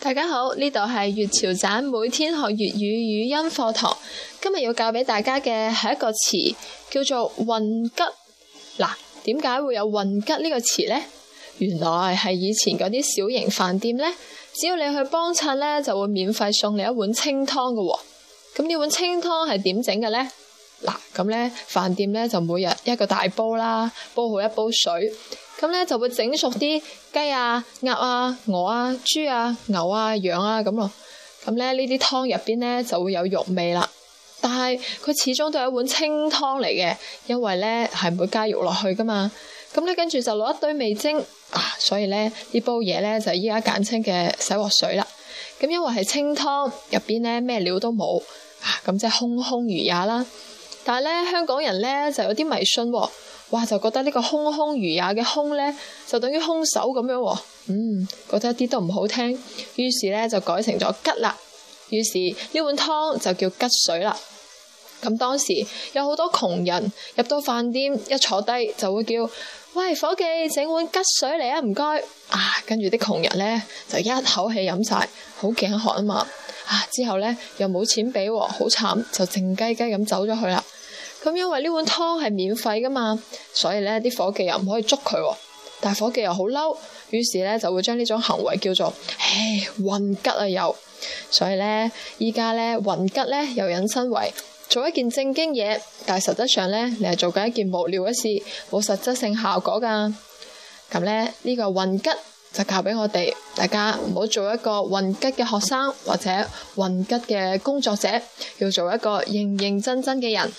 大家好，呢度係粵潮仔每天學粵語語音課堂。今日要教俾大家嘅係一個詞，叫做混吉。嗱，點解會有混吉呢個詞呢？原來係以前嗰啲小型飯店呢，只要你去幫襯呢，就會免費送你一碗清湯嘅。咁呢碗清湯係點整嘅呢？嗱，咁咧飯店咧就每日一個大煲啦，煲好一煲水，咁咧就會整熟啲雞啊、鴨啊、鵝啊、豬啊、啊、牛啊、羊啊咁咯。咁咧呢啲湯入邊咧就會有肉味啦，但係佢始終都係一碗清湯嚟嘅，因為咧係唔會加肉落去噶嘛。咁咧跟住就攞一堆味精啊，所以咧呢煲嘢咧就依家簡稱嘅洗鑊水啦。咁因為係清湯入邊咧咩料都冇啊，咁即係空空如也啦。但係咧，香港人咧就有啲迷信，哦，哇，就覺得呢個空空如也嘅空咧，就等於凶手，咁樣，哦，嗯，覺得一啲都唔好聽，於是咧就改成咗吉啦，於是呢碗湯就叫吉水啦。咁當時有好多窮人入到飯店，一坐低就會叫：喂伙計，整碗吉水嚟啊！唔該。啊，跟住啲窮人咧就一口氣飲晒，好頸渴啊嘛，啊之後咧又冇錢俾，哦，好慘，就靜雞雞咁走咗去啦。咁因為呢碗湯係免費噶嘛，所以呢啲伙計又唔可以捉佢，但伙計又好嬲，於是呢就會將呢種行為叫做唉，混吉啊又，所以現在呢，依家呢混吉咧又引申為做一件正經嘢，但係實質上呢，你係做緊一件無聊嘅事，冇實質性效果噶咁咧呢，呢個混吉就教俾我哋大家唔好做一個混吉嘅學生或者混吉嘅工作者，要做一個認認真真嘅人。